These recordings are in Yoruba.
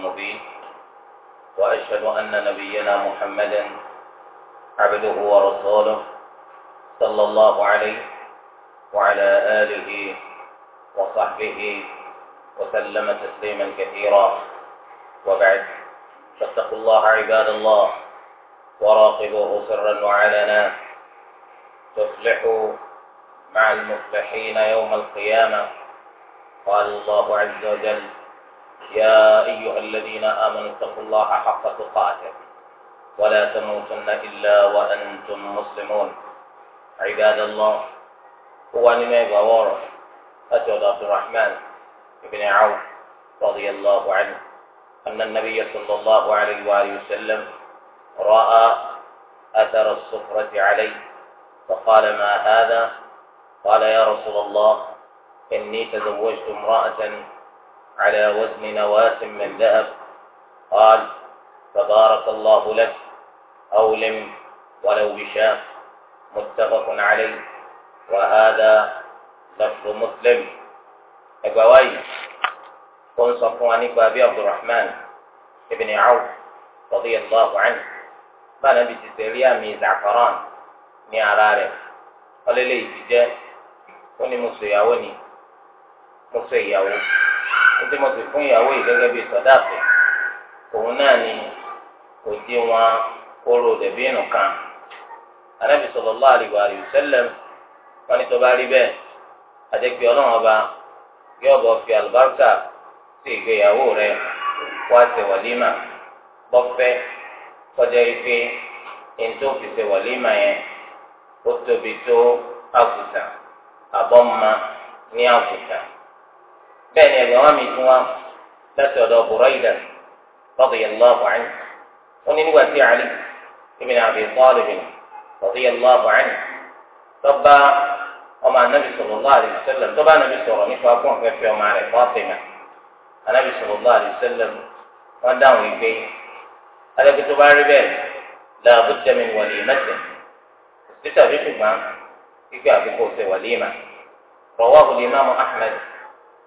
مبين وأشهد أن نبينا محمدا عبده ورسوله صلى الله عليه وعلى آله وصحبه وسلم تسليما كثيرا وبعد فاتقوا الله عباد الله وراقبوه سرا وعلنا تفلحوا مع المفلحين يوم القيامة قال الله عز وجل يا أيها الذين آمنوا اتقوا الله حق تقاته ولا تموتن إلا وأنتم مسلمون عباد الله هو نما بوار أسود عبد الرحمن بن عوف رضي الله عنه أن النبي صلى الله عليه وآله وسلم رأى أثر الصفرة عليه فقال ما هذا قال يا رسول الله إني تزوجت امرأة على وزن نواة من ذهب قال تبارك الله لك أولم ولو بشاف متفق عليه وهذا لفظ مسلم أبوي قل صفواني بابي عبد الرحمن ابن عوف رضي الله عنه بنا بجزيريا من زعفران من عراره قال لي جاء وني مصيا وني مصيا ẹtí mo sì fún ìyàwó yìí gẹ́gẹ́ bíi sọdáàfẹ òun náà ni kò di wọn kóró dẹbí nù kan anábì sallallahu alaihi wa sallam wọn ni tó bá rí bẹ́ẹ̀ àdékpé Ọlọ́run ọba yóò bọ fi àlùbáríkà sí ìgbéyàwó rẹ wá ṣe wàlímà bọfẹ kọjá ife ètò òfìsè wàlímà yẹn ó tóbi tó àgùtà àbọ̀mọ́ ní àgùtà bẹ́ẹ̀ ni ẹ̀gbọ́n wa mi tún wa láti ọ̀dọ̀ Burayda radiyallahu anhu ó ní nígbà tí Ali ibn Abi Talib radiyallahu anhu tọ́ba ọmọ anabi sallallahu alaihi wasallam tọ́ba anabi sọ̀rọ̀ nípa fún ọ̀fẹ́fẹ́ ọmọ rẹ̀ Fatima anabi sallallahu alaihi wasallam wọ́n dáhùn ìgbé alẹ́kùn tó bá rí bẹ́ẹ̀ làbú tẹ̀mí wọlé mẹ́tẹ̀ títà bí ṣùgbọ́n gbígbé àbíkó ṣe wọlé mà rọwọ́ àbúlé imáàmù Ahmad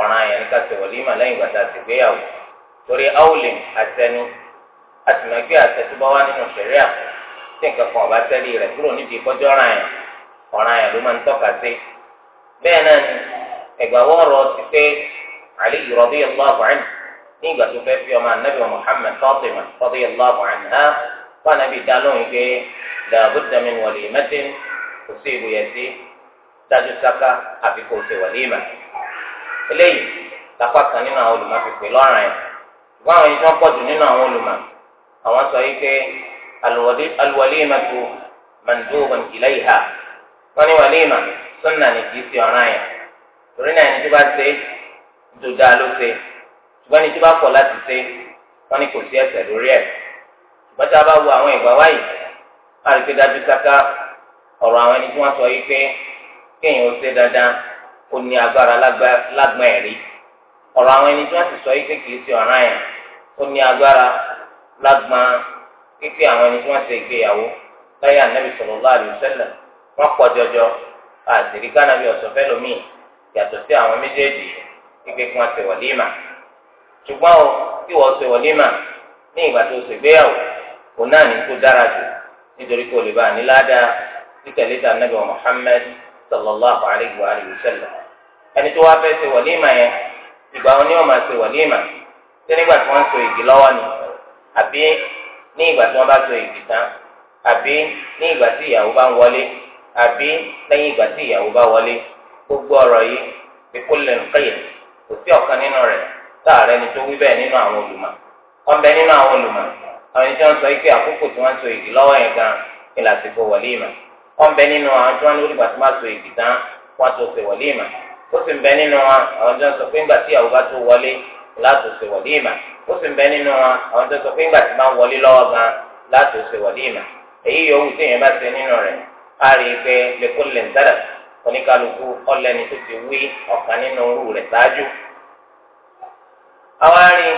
ọ̀ràn yẹn ní ká ṣe wọlé mà lẹ́yìn gbàtà ti gbéyàwó torí awolin àtẹnu àtìmọ̀gbé àtẹtúbọ̀ wá nínú sẹ̀ríà tí nǹkan kan ọ̀bá tẹ́lẹ̀ rẹ̀ kúrò nídìí kọjọ́ ọ̀ràn yẹn ọ̀ràn yẹn ló máa ń tọ́ka sí. bẹ́ẹ̀ náà ni ẹ̀gbàwọ́ ọ̀rọ̀ ti pé Ali radiyallahu anhu ní ìgbà tó fẹ́ fi ọmọ eléyìí lápá kan nínú àwọn olùmọ̀ fi pè lọ́ràn yẹn ṣùgbọ́n àwọn ìjọ pọ̀jù nínú àwọn olùmọ̀ àwọn sọ yìí pé alwalimatu mandubun ilayha wọ́n ní walima sunna ni kì í fi ọ̀ràn yẹn torí náà ẹni tó bá ṣe tó dáa ló ṣe ṣùgbọ́n ẹni tó bá kọ̀ láti ṣe wọ́n ní kò sí ẹ̀ṣẹ̀ lórí ẹ̀ ṣùgbọ́n tá a bá wo àwọn ìgbà wáyé a rí dájú sáká ọ̀rọ̀ àwọn ẹni tí wọ́n sọ yìí pé kéèyàn ó ṣe dáadáa ó ní agbára lágbọn ẹ̀rí ọ̀rọ̀ àwọn ẹni tí wọ́n ti sọ yìí pé kìí ṣe ọ̀ràn yẹn ó ní agbára lágbọn pípé àwọn ẹni tí wọ́n ṣe ìgbéyàwó láyé ànábì sallallahu alaihi wasallam wọ́n pọ̀ jọjọ àtìrí kánábì ọ̀sọ̀ fẹ́lómìn yàtọ̀ sí àwọn méjèèjì pípé kí wọ́n ṣe wàlímà ṣùgbọ́n o tí wọ́n ṣe wàlímà ní ìgbà tó ṣègbéyàwó òun náà ní Muhammad sallallahu alaihi wa alihi ẹni tó wá fẹ́ ṣe wàlímà yẹn ìgbà wọn ni wọn máa ṣe tí wọ́n igi lọ́wọ́ ni àbí ní ìgbà tí wọ́n bá so igi tán àbí ní ìgbà tí ìyàwó bá ń wọlé àbí lẹ́yìn ìgbà tí ìyàwó bá wọlé gbogbo ọ̀rọ̀ yìí fi kó kò sí ọ̀kan nínú rẹ̀ ni tó wí bẹ́ẹ̀ nínú àwọn olùmọ̀ wọ́n bẹ nínú àwọn olùmọ̀ àwọn ẹni tí igi lọ́wọ́ yẹn gan ni wọlé ìmọ̀ wọ́n bẹ nínú àwọn tí wọ́n lórí ìgbà tí so igi tán wọ́n ó sì ń bẹ nínú wa àwọn tó ń sọ pé ńgbà tí ìyàwó bá tó wọlé láti ṣe wàlíìmà ó sì ń bẹ nínú wa àwọn tó ń sọ pé ńgbà tí bá ń wọlé lọ́wọ́ gan láti ṣe wàlíìmà èyí yòówù tí èèyàn bá ṣe nínú rẹ̀ á rí i pé lẹ́kọ́ lẹ̀ ń dára oníkálukú ọlẹ́ni tó ti wí ọ̀kan nínú orú rẹ̀ ṣáájú. àwa rí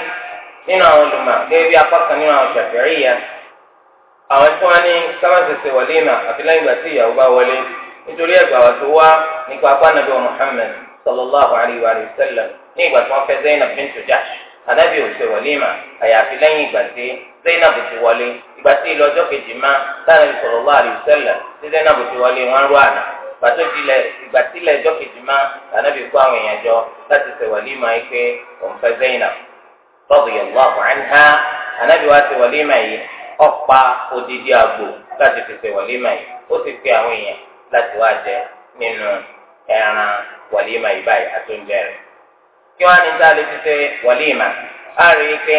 nínú àwọn olùmọ̀ gẹ́gẹ́ bí apá kan nínú àwọn ṣàfẹ́rìyà àwọn tí wọ́n ní sábàṣẹṣẹ wàlíìmà àfi lẹ́yìn ìgbà tí ìyàwó bá wọlé nítorí ẹ̀gbà wà tó wá nípa apá nàbẹ́ Muhammad صلى الله عليه وآله وسلم ìgbà tí wọ́n fẹ́ Zainab bintu Jahsh anabi ò ṣe wàlímà àyàfi lẹ́yìn ìgbà tí Zainab ti wọlé ìgbà tí ìlọ́jọ́ وسلم má sáré sallallahu alayhi wa sallam tí Zainab ti wọlé wọn rú àná pàtó tilẹ̀ ìgbà tilẹ̀ ẹjọ́ kejì má anabi kó àwọn èèyàn jọ láti ṣe wàlímà yìí pé òun fẹ́ Zainab radiyallahu anha anabi wa ṣe wàlímà yìí ọ̀pá odidi àgbò láti fi ṣe wàlímà yìí ó ti fi àwọn èèyàn láti wá jẹ nínú ẹran wàlímà yìí báyìí àtúnjẹ rẹ̀ kí wọ́n á ní sáà lè ti ṣe wàlímà á rí i pé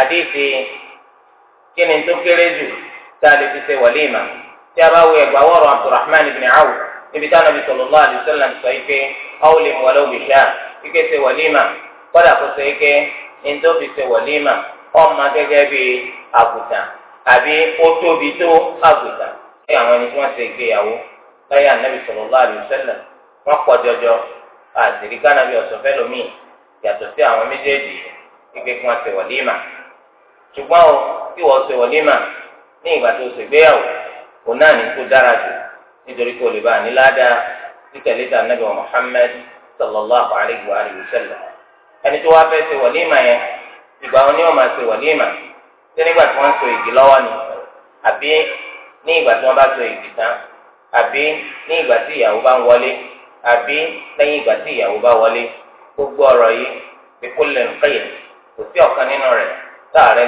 àdéhìí kí ni tó kéré jù sáà lè ti ṣe wàlímà tí a bá wo ẹgbà wọ́ọ̀rọ̀ abdulrahman ibn awu níbi táwọn nabi sallallahu alaihi wasallam sọ yìí pé awo lè mú wa lọ́wọ́ bìṣà ike ṣe wàlímà kọ́dà kó ṣe ike ní tó fi ṣe wàlímà ọmọ gẹ́gẹ́ bí àgùntàn àbí ó tóbi tó àgùntàn ẹ àwọn ẹni tí wọ́n ṣe ìgbéyàwó láyé ànábì sallallahu alaihi wasallam wọn pọ̀ jọjọ àtìrí kánábì ọ̀sọ̀fẹ́ lomi yàtọ̀ sí àwọn méjèèjì gbígbé kí wọ́n ṣe wọ̀límà ṣùgbọ́n o kí ṣe ní ìgbà tó kò náà ní kó dára jù nítorí kó lè bá a ní ládàá títẹ̀lé ta nàbì sallallahu ẹni tó wá fẹ́ ṣe yẹn ìgbà wọn ni wọ́n máa ṣe wọ̀límà ṣé nígbà tí wọ́n so ìgì lọ́wọ́ ni àbí ní ìgbà tí wọ́n bá àbí lẹ́yìn ìgbà tí ìyàwó bá wọlé gbogbo ọ̀rọ̀ yìí fi kó lè nkẹyẹ kò sí ọ̀kan nínú rẹ̀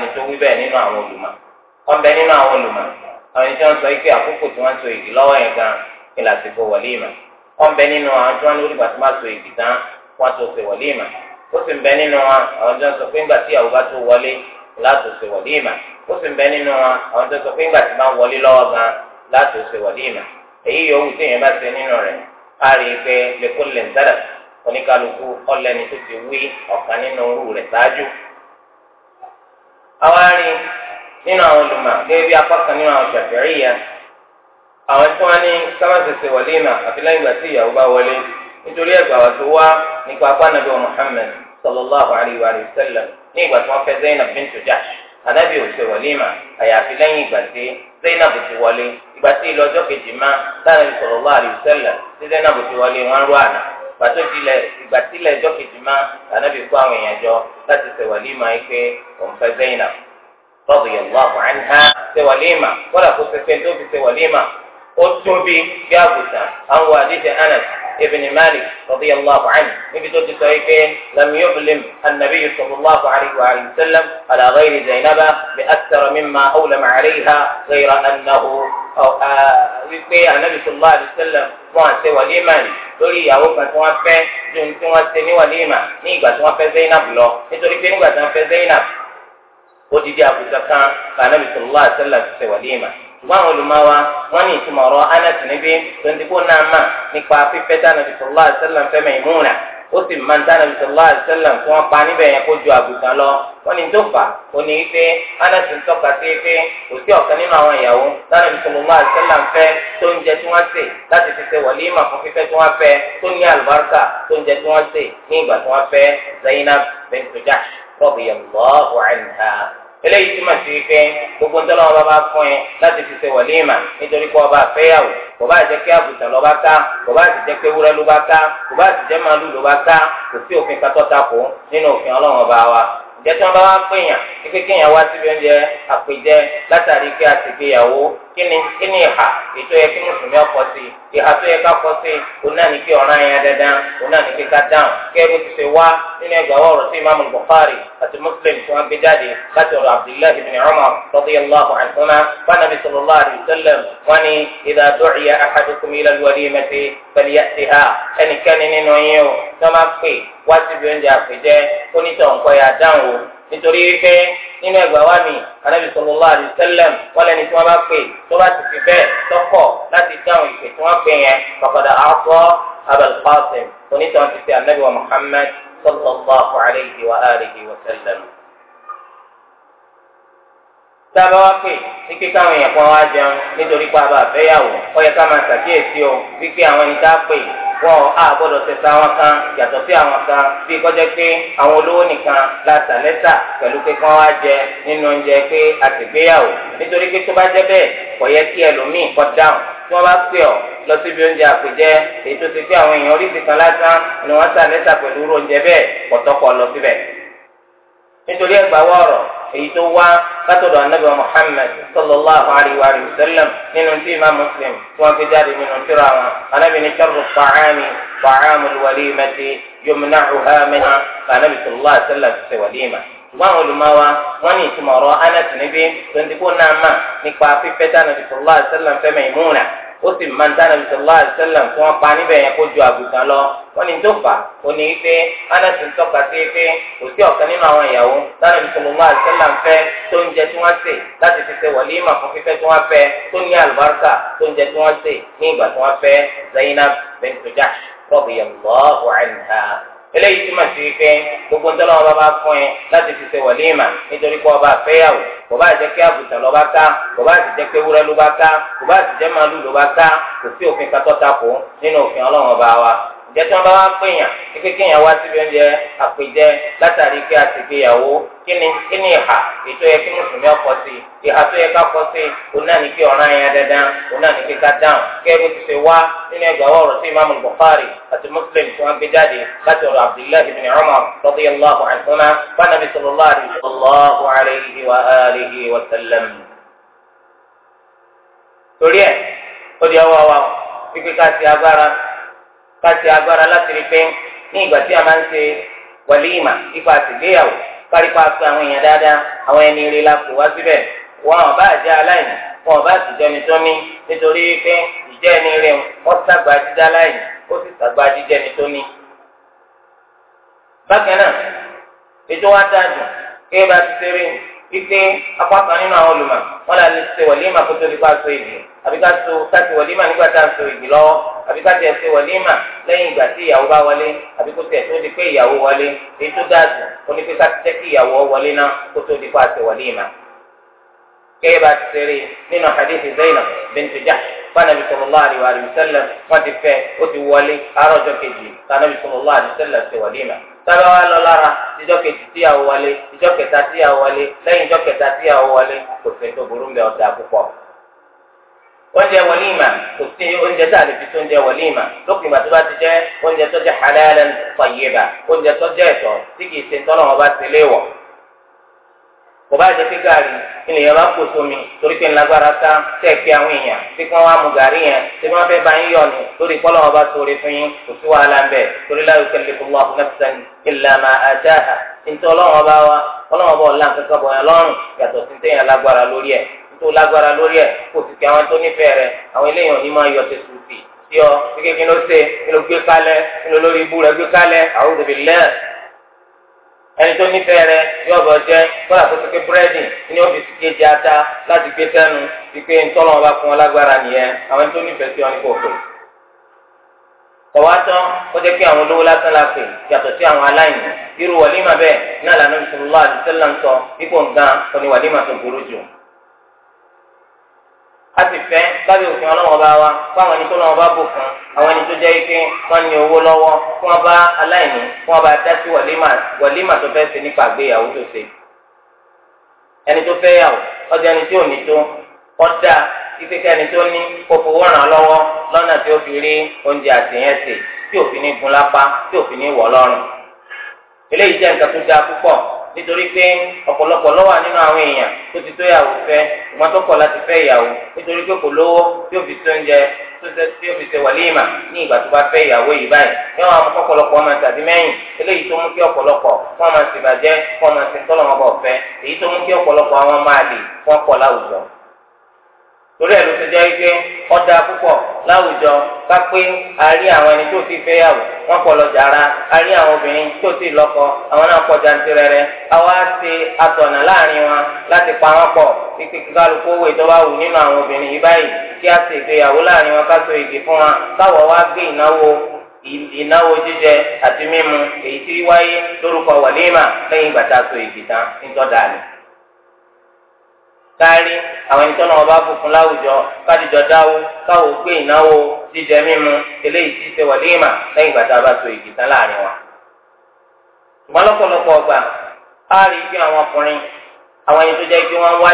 ni tó wí bẹ́ẹ̀ nínú àwọn olùmọ̀ nínú àwọn olùmọ̀ àwọn ìjọ ń sọ àkókò tí wọ́n so lọ́wọ́ yẹn gan nínú àwọn tí wọ́n tí wọ́n so tán wọ́n ó sì ari pé lẹkùn lẹńtẹrẹ oníkàlùkù ọlẹni tó ti wí ọ̀kan nínú orú rẹ̀ ṣáájú. àwọn arí nínú àwọn olùmọ̀ gẹ́gẹ́ bí apá kan nínú àwọn ṣàfẹ́rí yẹn àwọn tí wọ́n ní sábàṣẹṣẹ wọlé mà àfi lẹ́yìn ìgbà tí ìyàwó bá wọlé nítorí ẹgbà wà tó wá nípa apá nàbẹ Muhammad sallallahu alayhi wa sallam ní ìgbà tí wọ́n fẹ́ Zainab bintu Jahsh anábì ò ṣe wàlímà àyàfi lẹ́yìn ìgbà tí Zainab ti wọlé ìgbà tí ìlú ọjọ́ kejì má sáré sallallahu alaihi wasallam tí Zainab ti wọlé wọn rú àná pàtó tilẹ̀ ìgbà tilẹ̀ ọjọ́ kejì má anábì kó àwọn èèyàn jọ láti ṣe wàlímà yìí pé òun fẹ́ Zainab radiyallahu anha ṣe wàlímà kọ́dà kó ṣe pé tó fi ṣe wàlímà ó tún bí bí àgùntàn àwọn àdéhùn Anas ابن مالك رضي الله عنه يبدو تسعيكين لم يؤلم النبي صلى الله عليه وآله وسلم على غير زينب بأكثر مما أولم عليها غير أنه أو ربي آه، النبي صلى الله عليه وسلم فوانس وليمان تولي يا وفا توانس فين جون توانس ني وليمان نيقا توانس في زينب لو يتولي فين وقا توانس في زينب وجدي أبو زكان كان النبي صلى الله عليه وسلم سوى ليمان ṣùgbọ́n àwọn olùmọ̀wá wọ́n ní ìtumọ̀ ọ̀rọ̀ anas níbi tontigbó náà mà nípa fífẹ́ dánàbí sọlá àṣẹlẹ̀ fẹ́ Maimuna ó sì máa ń dánàbí sọlá àṣẹlẹ̀ tí wọ́n pa níbẹ̀ yẹn kó ju àgùntàn lọ wọ́n ní tó fà ó ní pé anas ń tọ́ka sí pé kò sí ọ̀kan nínú àwọn ìyàwó dánàbí sọlá àṣẹlẹ̀ fẹ́ tó ń jẹ tí wọ́n sè láti fi ṣe wàlímà fún fífẹ́ tí wọ́n fẹ́ tó ní àlùbáríkà tó ń jẹ tí wọ́n sè ní ìgbà tí wọ́n fẹ́ Zainab bint Jahsh radiyallahu anha eléyìí ti máa ti pé gbogbo ntọ́lọ́ wọn bá bá fún ẹ láti fi ṣe wàlíìmà nítorí pé ọba àfẹ́yàwó kò bá jẹ́ kí àbùtàn lọ́ba ká kò bá sì jẹ́ pé wúrẹ́ ló bá ká kò bá sì jẹ́ màálù ló bá ká kò sí òfin katọ́ takò nínú òfin ọlọ́run ọba wa ìjẹ́ tí wọ́n bá wá pèèyàn pé kéèyàn wá síbi oúnjẹ àpèjẹ látàrí pé àtìgbéyàwó kíni kíni ìhà ètò yẹ kí mùsùlùmí ọkọ sí ìhà tó yẹ ká kọ sí onáni kí ọ̀ràn yẹn dandan onáni kí ká dáhùn kí ẹbí ti ṣe wá nínú ẹgbàá ọ̀rọ̀ sí imaamu bukhari àti muslim tí wọ́n gbé jáde láti ọ̀rọ̀ abdullahi bin umar radiyallahu anhuma banabi sallallahu alayhi wa sallam wọ́n ní idha du'iya ahadukum ila al-walimati falyatiha ẹnikẹ́ni nínú yín o nítorí wípé nínú ẹgbàá wa mi anabi sallallahu alaihi wasallam wọn lẹni tí wọn bá pè tó bá ti fi bẹ́ẹ̀ lọkọ láti dáhùn ìpè tí wọn pè yẹn kọkọdà àtọ abul qasim onítàn ti fi anabi wa muhammad sallallahu alaihi wa alihi wa sallam tábà wá pè ní pé káwọn èèyàn kan wá jẹun nítorí pé àbá àfẹ́yàwó ó yẹ ká máa ṣàkíyèsí o wípé àwọn ẹni tá a pè wọn á gbọ́dọ̀ tẹsán àwọn kan yàtọ̀ sí àwọn kan bí kọjá pé àwọn olówó nìkan láta lẹ́tà pẹ̀lú pé kán wá jẹ nínú oúnjẹ pé àtìgbéyàwó nítorí pé tó bá jẹ bẹ́ẹ̀ kò yẹ kí ẹlòmíì kọ dáhùn tí wọ́n bá pè ọ́ lọ síbi oúnjẹ àpèjẹ èyí tó ti pé àwọn èèyàn oríṣi kan lásán ni wọ́n ta lẹ́tà pẹ̀lú oúnjẹ bẹ́ẹ̀ pọ̀tọ́pọ̀ lọ síbẹ̀ nítorí ẹgbàá wọ̀rọ̀ èyí tó wá látọ̀dọ̀ anabi muhammed sallallahu alayhi wa sallam nínú tí imam muslim tí wọ́n fi jáde nínú tíra wọn anabi ní sharru ta'ami ta'amul walimati yumna'uha min anabi sallallahu alayhi wa sallam ti ṣe walima wọn olùmọ̀wá wọn ní ìtumọ̀ ọ̀rọ̀ anas níbi tó ń dikó náà mà nípa fífẹ́ dáná bisalòlá àṣẹlẹ̀ fẹ́mẹ̀ ìmúna ó sì máa ń dáná bí sọlá àṣẹlẹ̀ tí wọ́n pa níbẹ̀ yẹn kó ju àgùntàn lọ wọ́n ní tó fà ó ní pé anasi ń tọ́ka sí pé kò sí ọ̀kan nínú àwọn ìyàwó dáná bí sọlá àṣẹlẹ̀ ń fẹ́ tó ń jẹ tí wọ́n sè láti fi ṣe wọ̀lé ìmọ̀ fún fífẹ́ tí wọ́n fẹ́ tó ní àlùbáríkà tó ń jẹ tí wọ́n sè ní ìgbà tí wọ́n fẹ́ Zainab bint Jahsh radiyallahu eléyìí túmọ̀ sí wípé gbogbo ntọ́lọ́ wọn bá bá fún ẹ láti fi ṣe wàlímà nítorí pé ọba àfẹ́yàwó bọ́bá àjẹ́ kí àbùtàn lọ́ba ká bọ́bá àtijẹ́ pé wúrẹ́ ló bá ká bọ́bá àtijẹ́ màálù ló bá ká kò sí òfin katọ́ta kù nínú òfin ọlọ́run ọba wa jẹ́tí wọn bá wá pèèyàn pé kéèyàn wá síbi oúnjẹ àpèjẹ látàrí pé a ti gbéyàwó kí ni kí ni ìhà ètò yẹ kí mùsùlùmí ọkọ sí ìhà tó yẹ ká kọ sí òun náà ní kí ọ̀ràn yẹn dandan òun náà ní kí ká dáhùn kí ẹbí ti ṣe wá nínú ẹgbàá ọ̀rọ̀ sí imaamu Bukhari àti Muslim tí wọ́n gbé jáde láti ọ̀rọ̀ Abdullahi bin Umar radiyallahu anhuma bánàbí sallallahu alayhi wa alihi wa sallam. torí ẹ̀ ó di ọwọ́ wa wípé ká ti agbára káṣí agbára láti rí pé ní ìgbà tí a máa ń ṣe wàlíìmà ipa àtìgbéyàwó kárípa pé àwọn èèyàn dáadáa àwọn ẹni rí la kò wá síbẹ̀ wọn ò bá jẹ́ aláìní wọn ò bá sì jẹni tó ní nítorí pé ìjẹ́ ẹni rí wọn sàgbà jíjẹ́ aláìní ó sì sàgbà jíjẹ́ ẹni tó ní. bákan náà ètò wa dájú kí ẹ bá ti ṣeré pípé apáta nínú àwọn olùmọ̀ wọn là lè ṣe wọlímà kó tó di pa so ìdì àbí ká so ká ti wọlímà nígbà tá a so ìdì lọ́wọ́ àbí ká tiẹ̀ ṣe wọlímà lẹ́yìn ìgbà tí ìyàwó bá wọlé àbí kó tiẹ̀ tó di pé ìyàwó wọlé èyí tó dáa jù ó ní pé ká ti jẹ́ kí ìyàwó wọlé náà kó tó di pa ṣe wọlímà. gẹ́gẹ́ bá ti ṣe nínú hadithi Zainab bint fanabi sallallahu tábà wà lọ lára ìjọ kejì tíyàwó wọlé ìjọ kẹta tíyàwó wọlé lẹ́yìn ìjọ kẹta tíyàwó wọlé kò sí tó burú mbẹ ọdà púpọ̀. oúnjẹ wọlíìmà kò sí oúnjẹ tá a lè fi tó oúnjẹ wọlíìmà lópin ìgbà tó bá ti jẹ oúnjẹ tó jẹ halalan tayyiba oúnjẹ tó jẹ ẹ̀tọ́ tí kì í ṣe tọ́lọ́wọ́n bá ti léèwọ̀ kò bá jẹ́ pé gàrí ènìyàn bá kó sómi torí pé ńlágbára ká tẹ̀ pé àwọn èèyàn tí wọ́n wá mu gàrí yẹn tí wọ́n fẹ́ bá ń yọ̀ ni lórí pọ́lọ́ wọn bá sóore fún yín kò sí wàhálà ń bẹ̀ torí la yukallifullahu nafsan illa ma ataha nítorí ọlọ́wọ́n bá wa ọlọ́wọ́n bá ọ̀la nǹkan bọ̀ yẹn lọ́rùn yàtọ̀ sí téèyàn lágbára lórí ẹ̀ tó lágbára lórí ẹ̀ kò sì fi àwọn tó ẹni tó nífẹ̀ẹ́ rẹ yóò bọ̀ jẹ́ kọ́lá tó ti pé búrẹ́dì ní ọ́fíìsì kejì ata láti gbé sẹ́nu wípé ntọ́nà ọba fún ọ lágbára nìyẹn àwọn ẹni tó nífẹ̀ẹ́ sí ọ ní kòkò. tọ̀wátán ó jẹ́ pé àwọn olówó lásán la pè yàtọ̀ sí àwọn aláìní irú wàlímà bẹ́ẹ̀ náà lànà bisimilá àdìsẹ́lá ń sọ ipò nǹkan ọ̀ a sì fẹ́ lábẹ́ òfin ọlọ́wọ́ wa fún àwọn ẹni tó lọ́wọ́ bá bò fún àwọn ẹni tó jẹ́ ike wọ́n ni owó lọwọ fún ba aláìní fún wọn bá si wàlímà wàlímà tó fẹ́ ṣe nípa àgbéyàwó tó ṣe ẹni tó fẹ́ yàwó ọjà ẹni tí ò ní tó ọ̀dà ìpèkẹ́ ẹni tó ní kókòwò ràn tí ó fi rí oúnjẹ àtìyẹn sè tí òfin ní gun lápá tí òfin ní wọ̀ lọ́rùn eléyìí nítorí pé ọ̀pọ̀lọpọ̀ ló wà nínú àwọn èèyàn tó ti tó yàwó fẹ́ ìgbọ́n tó kọ̀ láti fẹ́ ìyàwó nítorí pé kò lówó tí ó fi tó ń jẹ tí ó fi ṣe wàlíìmà ní ìgbà tó bá fẹ́ ìyàwó yìí báyìí ní wọn àwọn ọ̀pọ̀lọpọ̀ ọmọ tàbí mẹ́yìn eléyìí tó mú kí ọ̀pọ̀lọpọ̀ wọn máa ṣèbàjẹ́ wọn máa ṣe tọ́lọ́mọbọ̀ fẹ́ èyí tó mú kí ọ̀pọ̀lọpọ̀ àwọn máa lè wọn pọ̀ láwùjọ torí ẹ̀ ló ti jẹ́ pé ọ̀dà púpọ̀ láwùjọ ká pé a rí àwọn ẹni tó ti fẹ́yàwó wọ́n pọ̀ lọ́jà ara a rí àwọn obìnrin tó ti lọ́kọ àwọn náà pọ̀ jantirẹrẹ àwa ṣe àtọ̀nà láàrin wọn láti pa wọn pọ̀ pípé kálukú owó ìjọba wù nínú àwọn obìnrin yìí báyìí kí a ṣe ìgbéyàwó láàrin wọn ká igi fún wọn káwọ̀ wá gbé ìnáwó ìnáwó jíjẹ àti mímu èyí wáyé lórúkọ wàlímà lẹ́yìn igi kárí àwọn ẹni tó náà bá fòfin láwùjọ kádìjọ dáwó káwọ gbé ìnáwó jíjẹ mímu eléyìí ti ṣe wàlíìmà lẹ́yìn ìgbà tá a bá so ìgì tán láàrin wa. ṣùgbọ́n lọ́pọ̀lọpọ̀ ọgbà á rí bí àwọn ọkùnrin àwọn ẹni tó jẹ́ wọ́n wá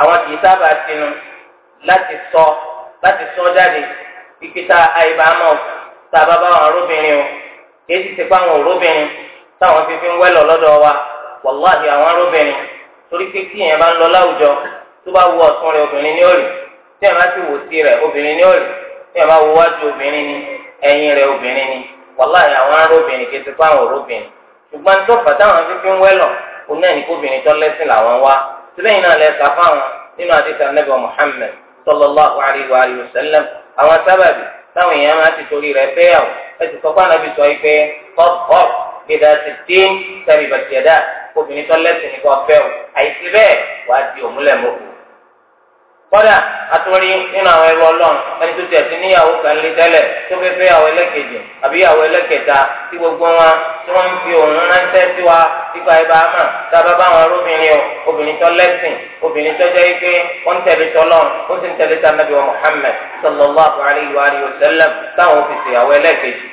àwọn kì í sábà láti sọ láti sọ jáde ìpìta àìbámọ̀ tá a bá bá wọn arúbìnrin o kì í sì àwọn òróbìnrin táwọn fífi ń torí pé tí èèyàn bá ń lọ láwùjọ tó bá wo ọ̀tún rẹ̀ obìnrin ní òrì tí èèyàn bá ti wò sí rẹ̀ obìnrin ní òrì tí èèyàn bá wo wájú obìnrin ní ẹ̀yìn rẹ̀ obìnrin ní wàláhì àwọn ará obìnrin kì í ti pa àwọn òróbìnrin ṣùgbọ́n tó fà táwọn fífi ń wẹ́lọ̀ kò náà ní kóbìnrin tó lẹ́sìn làwọn wá sílẹ̀yìn náà lẹ́sà fáwọn nínú àdìsá nẹ́bà Muhammad sallallahu alayhi wa sallam àwọn sábàbí táwọn èèyàn máa ti torí rẹ̀ fẹ́yàwó ẹ ti sọ fún anábì sọ yìí pé fọ́ọ̀fọ́ọ̀ gbẹdà ti dín tàbí bàtìyàdá obìnrin tó lẹ́sìn ní kò fẹ́ o àìsí bẹ́ẹ̀ wà á di òmùlẹ̀ mọ́kù. kọ́dà àtúrí nínú àwọn ẹrú ọlọ́run ẹni tó tẹ̀sí níyàwó kan lé tẹ́lẹ̀ tó fẹ́ fẹ́ yàwó ẹlẹ́kejì àbí yàwó ẹlẹ́kẹta tí gbogbo wọn tí wọ́n ń fi òun ránṣẹ́ sí wa nípa ibà àmà tá a bá bá àwọn arúbìnrin o obìnrin tó lẹ́sìn obìnrin tó jẹ́ pé ó ń tẹ̀lé tọ́lọ́run ó sì ń tẹ̀lé tànàbí wa Muhammad sallallahu alayhi wa sallam táwọn òfìsì yàwó ẹlẹ́kejì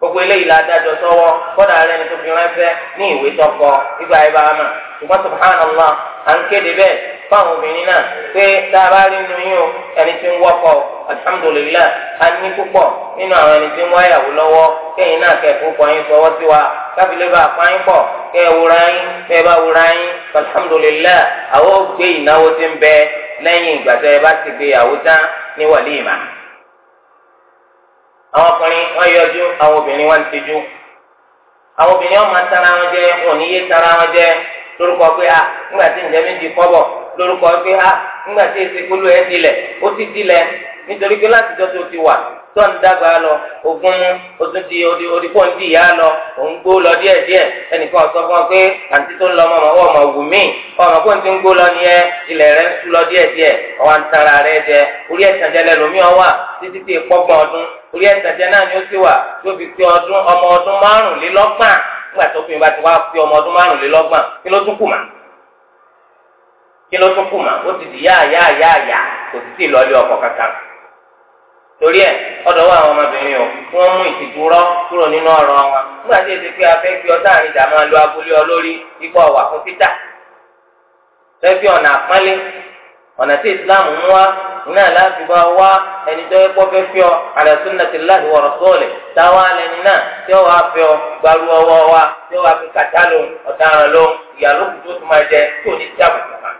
gbogbo eléyìí la dájọ sọwọ kódà rẹ ni tó fi ránṣẹ́ ní ìwé tọkọ ìgbà ẹ bá a mà ṣùgbọ́n subhanallah à ń kéde bẹ́ẹ̀ fáwọn obìnrin náà pé tá a bá rí inú yín o ẹni tí ń wọkọ alhamdulillah a ní púpọ̀ nínú àwọn ẹni tí ń wáyàwó lọ́wọ́ kẹ́yìn náà kẹ́kọ̀ọ́ kọ́ yín sí wa kábílẹ̀ bá a pa yín pọ̀ ẹ wúra yín kẹ́ ẹ bá wúra yín alhamdulillah àwọn ò ìnáwó ti ń bẹ lẹ́yìn ìgbà tẹ́ ẹ bá ti gbé ìyàwó tán ní wàlíìmà. àwọn ọkùnrin wọn yọjú àwọn obìnrin wọn ti àwọn obìnrin wọn tara wọn jẹ wọn tara wọn jẹ lórúkọ pé a ah, ńgbà tí ǹjẹ́ méjì kọ́bọ̀ lórúkọ pé a ah, ńgbà tí èsì kúlú ẹ dilẹ̀ ó ti dilẹ̀ nítorí pé láti jọ́ tó ti wà tó ń dàgbà lọ ogun tún lọ òun gbó lọ díẹ̀ díẹ̀ ẹnìkan fún ọ pé àǹtí tó ń lọ ọmọ ọmọ ọmọ wù mí ọmọ lọ nìyẹn ilẹ̀ ń lọ díẹ̀ díẹ̀ ọwọ́ ń orí ẹ̀sàjẹ́ náà ni ó sì wà tó fi pé ọdún ọmọ ọdún márùnlélọ́gbọ̀n nígbà tó fi bá ti wá fi ọmọ ọdún márùnlélọ́gbọ̀n kí ló tún kù mà kí ló tún kù ọkọ kankan torí ẹ wa àwọn o kí wọn mú ìtìjú rọ kúrò nínú wọn nígbà tí èsì pé ọtá máa lo ọ lórí ipò ọwà fún títà náà láti bá wá ẹni tó yẹ kó fẹ́ fi ọ ala sunnatillahi wa rasulih táwa lẹni náà tí ó wàá fi ọ gbaru ọwọ́ wa tí ó wàá fi kàtá lòun ọ̀daràn lòun ìyàló kùtù tó máa jẹ tí ò ní tí àbùkù kan.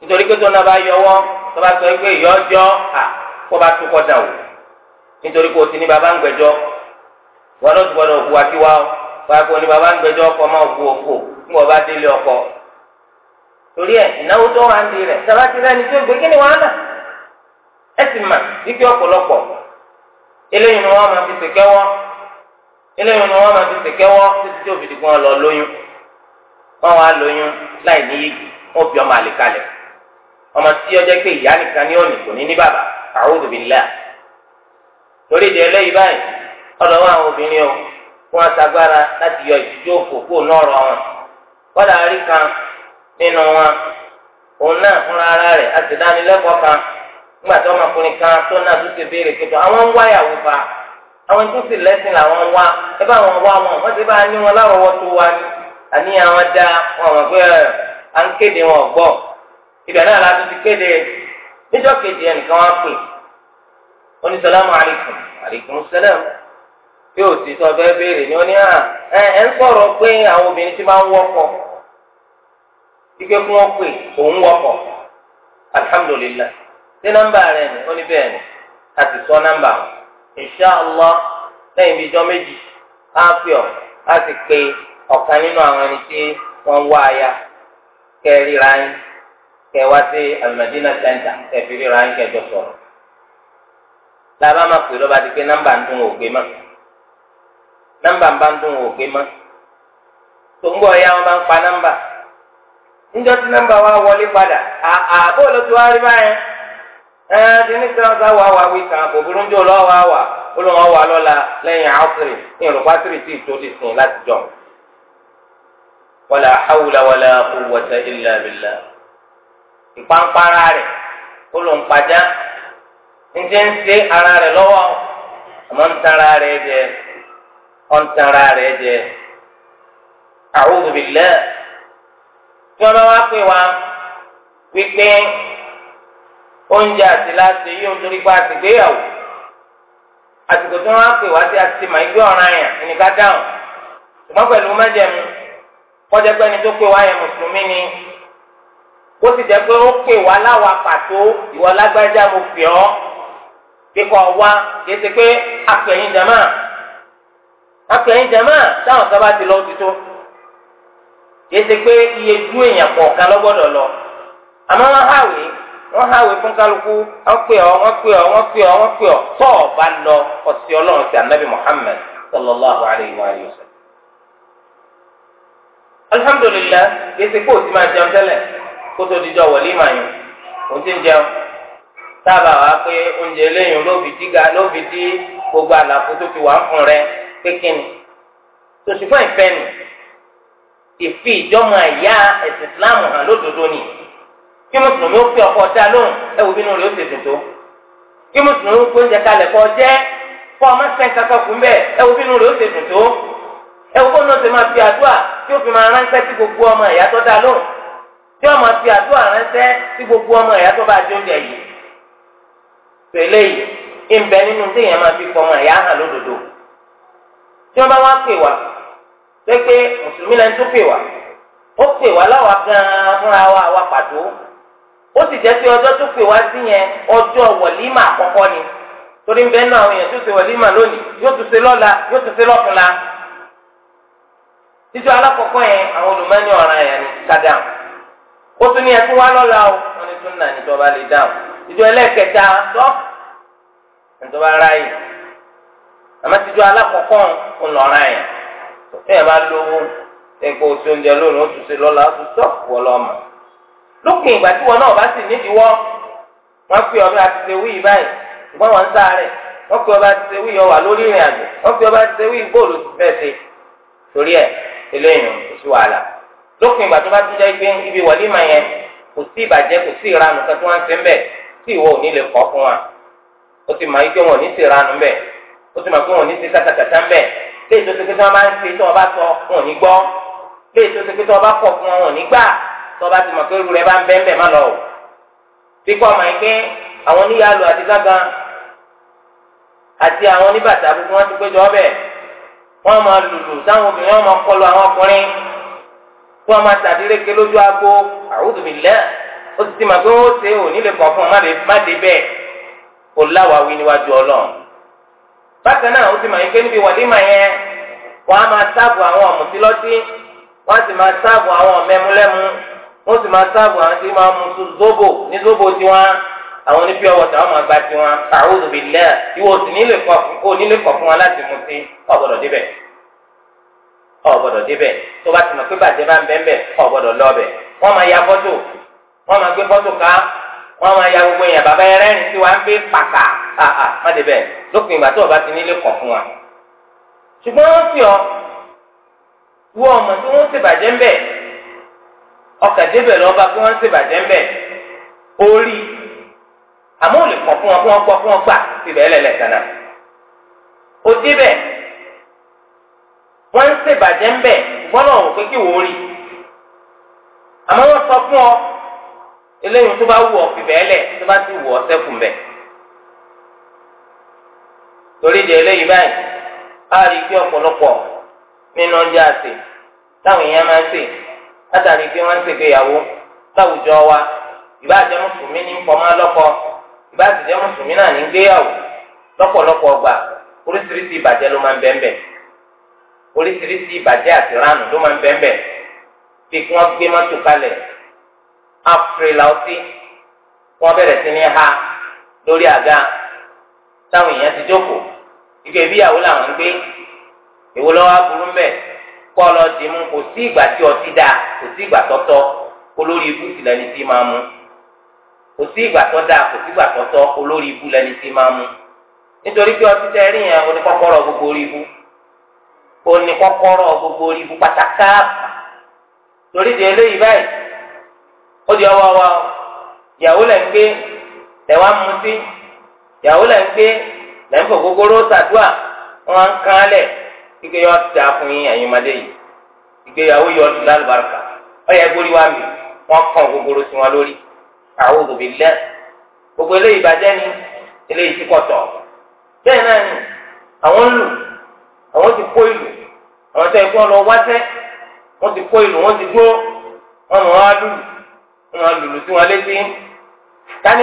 nítorí pé tó náà bá yọwọ́ tó bá sọ pé ìyọ́jọ́ à kó bá tún kọ́ wò nítorí pé o ti ní baba ń gbẹjọ́ wọn ló ti òkú wa ti wá o torí ẹ ìnáwó tó wà ń di rẹ sábà ti tí ó gbé kíni wàhálà ẹ sì mà wípé ọ̀pọ̀lọpọ̀ eléyìí ni wọ́n máa fi ṣèkẹ́wọ́ eléyìí ni wọ́n máa fi ṣèkẹ́wọ́ títí tí lọ lóyún wọ́n wá lóyún láì ní wọ́n bí ọmọ àlèkalẹ ọmọ tí pé yọ ìtújú òfò kó wọn nínú wọn òun náà fúnra ara rẹ̀ àti dánilẹ́kọ̀ọ́ kan nígbà tí kan tó náà tó ti béèrè pé àwọn ń wáyàwó fa àwọn tó sì lẹ́sìn làwọn wá ẹ bá wọn wá wọn wọ́n ti bá ní wọn lárọ̀ọ́wọ́tó wa ni àníyàn wọn dá wọn mọ̀ pé à ń kéde wọn gbọ́ ibẹ̀ náà ti kéde níjọ́ kejì wá pè yóò sọ bẹ́ẹ̀ ike kí wọ́n pè òun alhamdulillah ní nọ́mbà rẹ̀ ni ó ní ni a ti sọ nọ́mbà wọn insha allah lẹ́yìn bíi méjì á pè á pe ọ̀kan nínú àwọn ẹni tí wọ́n wá aya kẹ́ríra yín kẹwá sí center kẹfìríra yín kẹjọ sọ̀rọ̀ làbá máa pè lọ́ba ti pé nọ́mbà ń dún ń bá ń ya wọn bá ń pa níjọ́ tí nọ́mbà wa wọlé padà àbó ló ti wá rí báyẹn ẹ kíní tí wọn sá wà wá wí kan bòbúrú ń jò lọ wá wà ó lọ wọn wà lọ́la lẹ́yìn àásìrì ní ìrùpá sírì tí ìtò ti sìn láti jọ. wala hawla wala quwwata illa billah ìpáńpárá rẹ̀ ó ń padà ń ṣe ara rẹ lọ́wọ́ àmọ́ ń tara rẹ jẹ ọ tara rẹ jẹ a'udhu billah tí wọ́n bá wá pè wá wípé oúnjẹ àti láti yí ohun torí pa àtìgbéyàwó àsìkò tí wọ́n wá pè wá sí àti màá gbé ọ̀ràn yẹn ẹnìkan dáhùn ṣùgbọ́n pẹ̀lú mẹ́jẹ̀mú kọjá pé ẹni tó pè wá yẹn mùsùlùmí ni ó sì jẹ́ pé ó pè wá láwa pàtó ìwọ lágbájá mo fi ọ́ pé wá kìí pé apẹ̀yìn jàmáà apẹ̀yìn jàmáà táwọn sábà ti lọ́ọ́ ti tó. yéésì pé iye ju èèyàn kọ̀ọ̀kan lọ́gbọ́dọ̀ lọ àmọ́ ha hàwé wọn hàwé fún kálukú ọkpịọ pè ọkpịọ wọ́n pè pè bá lọ sí anabi muhammed sallallahu alayhi wa sallam. alhamdulilah yéésì pé òsì máa jẹun wọlé yàn òun ti ń jẹun sábà wá pé oúnjẹ ga dí gbogbo àlàfo tó fi wà fún rẹ pé kíni ìfi ìjọmọ ẹ̀yà ẹ̀sìn Islam hàn lódodo ni kí mùsùlùmí ó fi ọkọ dá lóhùn ẹ bi bínú rẹ̀ ó ṣe dòdò kí mùsùlùmí ó gbóúnjẹ kalẹ̀ kọ jẹ́ kọ́ ọmọ sẹ́ń kankan kún bẹ́ẹ̀ ẹ bínú rẹ̀ ó ṣe máa fi àdúrà tí ó fi máa ránṣẹ́ sí gbogbo ọmọ tó lóhùn fi sí gbogbo ọmọ tó bá oúnjẹ yìí pépé mùsùlùmí lẹni tó pè wá ó pè wá láwa gan-an fúnra wa pàtó ó sì jẹ́ pé ọjọ́ tó pè wá sí ọjọ́ wọ̀límà àkọ́kọ́ ni torí bẹ́ẹ̀ náà àwọn èèyàn tó ṣe wọ̀límà lónìí yóò tún ṣe lọ́la yóò tún ṣe títí alákọ̀ọ́kọ́ yẹn àwọn olùmọ́ni ọ̀ràn yẹn ni ó tún ní nà níjọba lè bẹ́ẹ̀ bá lówó ẹ̀kọ́ oṣù oúnjẹ lónìí oṣù ṣe lọ́la oṣù tó wọ́ lọ́mọ. lópin ìgbà tí wọn náà bá sì nídìíwọ́ wọ́n pè ọbẹ̀ àti ṣe wí báyìí ṣùgbọ́n wọ́n ń sáré wọ́n pè ọbẹ̀ àti ṣe wí ọwà lórí ìrìn àjò wọ́n pè ọbẹ̀ àti ṣe wí bóòlù bẹ́ẹ̀ ṣe torí ẹ̀ eléyìí kò sí wàhálà lópin ìgbà tó bá ti jẹ́ pé ibi wàlímà yẹn kò sí ìbàjẹ́ kò sí ìranù kan tí wọ́n ń ṣe ń bẹ̀ tí ìwọ ò ní lè kọ́ fún wa ó ti mọ̀ ayé pé wọn ò ní sí ìranù ń bẹ̀ ó ti mọ̀ pé wọn ò ní sí kàtàkàtà ń léyìí tó ṣe pé tí wọ́n bá ń ṣe tí wọ́n bá sọ wọn ò ní gbọ́ léyìí tó ṣe pé tí wọ́n bá pọ̀ fún wọn ò ní gbà tó bá ti mọ̀ pé irú rẹ̀ bá ń bẹ́ẹ̀ bẹ́ẹ̀ má lọ o. pípọ̀ mọ̀ ẹ́ pé àwọn oníyàlò àti ságan àti àwọn oníbàtà gbogbo wọn ti péjọ ọbẹ̀ wọ́n máa lùlù sáwọn obìnrin wọ́n máa kọlu àwọn ọkùnrin wọ́n máa tàdíréke lójú aago àrùdùmílẹ̀ ó ti ti mọ̀ pé wọ́n ó ṣe òní lè kọ̀ fún ọ má dé bẹ́ẹ̀ kò láwàá wí níwájú ọlọ́run bákan náà ó ti mọ̀ yín pé níbi wàlímà yẹn wọ́n á máa sáàbù àwọn ọ̀mùtílọ́tí wọ́n á sì máa sáàbù àwọn ọ̀mẹ́múlẹ́mú wọ́n zobo ní tiwọn àwọn gba tiwọn ìwọ sì kó fún wa láti mú sí débẹ̀ débẹ̀ tó bá ti mọ̀ pé bàjẹ́ bá ń bẹ́ ń bẹ̀ ọ̀gbọ́dọ̀ lọ́ọ̀bẹ̀ wọ́n máa ya fọ́tò wọ́n máa gbé fọ́tò ká wọ́n máa ya gbogbo èèyàn bàbá a a má dé bẹ́ẹ̀ lópin ìgbà tí ọba ti nílé kọ̀ fún wa ṣùgbọ́n wọ́n fi ọ wọ ọmọ tí wọ́n ṣèbàjẹ́ ń bẹ̀ ọkà débẹ̀ lọ́ba tí wọ́n ṣèbàjẹ́ ń bẹ̀ orí àmọ́ ò lè kọ̀ fún wọn fún wọn gbọ́ fún wọn gbà síbẹ̀ ẹlẹ́lẹ̀ kàná ó débẹ̀ wọ́n ń ṣèbàjẹ́ ń bẹ̀ wọ́n náà wò pé kí wò ó rí àmọ́ wọ́n sọ fún ọ eléyìí tó bá wù ọ fìbẹ́ ẹlẹ̀ tó bá ti wù ọ sẹ́kùn bẹ́ẹ̀. torí di eléyìí báyìí a rí i pé ọ̀pọ̀lọpọ̀ nínú ọjà àti táwọn èèyàn máa ń sè látàrí pé wọ́n ń ṣègbéyàwó láwùjọ wa ìbá jẹ́ mùsùlùmí ní fọmọ́ lọ́kọ ìbá mùsùlùmí náà ní gbéyàwó lọ́pọ̀lọpọ̀ ọgbà oríṣiríṣi ìbàjẹ́ ló máa ń bẹ́ẹ̀ oríṣiríṣi ìbàjẹ́ àti ránù ló máa ń gbé mọ́tò kalẹ̀ wọ́n bẹ̀rẹ̀ ha lórí àga táwọn èèyàn ti jókòó ìgbẹ́ ìbíyàwó làwọn ń gbé èwo lọ́wọ́ aburú mbẹ́ kọ́ lọ dì mú kò sí ìgbà tí ọtí dá kò sí ìgbà tọ́tọ́ olórí ibú sì lẹni tí máa mú kò sí ìgbà tó dá kò sí ìgbà tọ́tọ́ olórí ibú lẹni tí máa mú nítorí pé ọtí tẹ́ rí yẹn oníkọ́kọ́rọ́ gbogbo orí ibú oníkọ́kọ́rọ́ gbogbo orí ibú pátákà torí di eléyìí báyìí ó di ọwọ́ wa ìyàwó lẹ́ ń gbé tẹ̀wá mutí ìyàwó lẹ́ ń gbé lẹ́nfọ̀ gbogbooro ṣàdúà wọn ń kán lẹ̀ ike yọ da fún yín ẹ̀yin ọmọdé yìí ìgbéyàwó yọ ọdún lálùbáríkà ọyẹ gbórí wa mi wọn kàn gbogbooro sí wọn lórí a'udhu billah gbogbo eléyìí bàjẹ́ ni eléyìí ti kọ̀tọ̀ bẹ́ẹ̀ àwọn ń lù àwọn ti kó ìlú àwọn tó yẹ wọn lọ wáṣẹ́ wọn ti kó ìlú wọn ti gbó wọn mọ̀ wọn á lùlù wọn lùlù sí wọn létí ká ní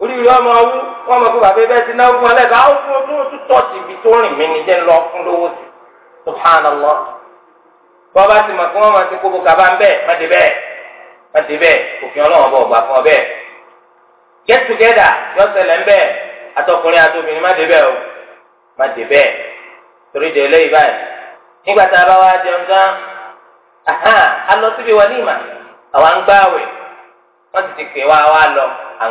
oríire ọmọ ọwú wọn mọ pé bàbá ẹbẹ ti náà fún ọlẹ́gbàá ó fún ọdún oṣù tọ́ọ̀tì ibi tó rìn mí ni jẹ́ lọ fún lówó sí bọ́ bá ti mọ̀ ti kaba ń bẹ́ẹ̀ má dé bẹ́ẹ̀ má dé bẹ́ẹ̀ òfin ọlọ́wọ́n bọ̀ gbà fún ọ bẹ́ẹ̀ get together yọ̀sẹ̀lẹ̀ ń bẹ́ẹ̀ atọkùnrin o má dé bẹ́ẹ̀ torí de eléyìí báyìí nígbà tá a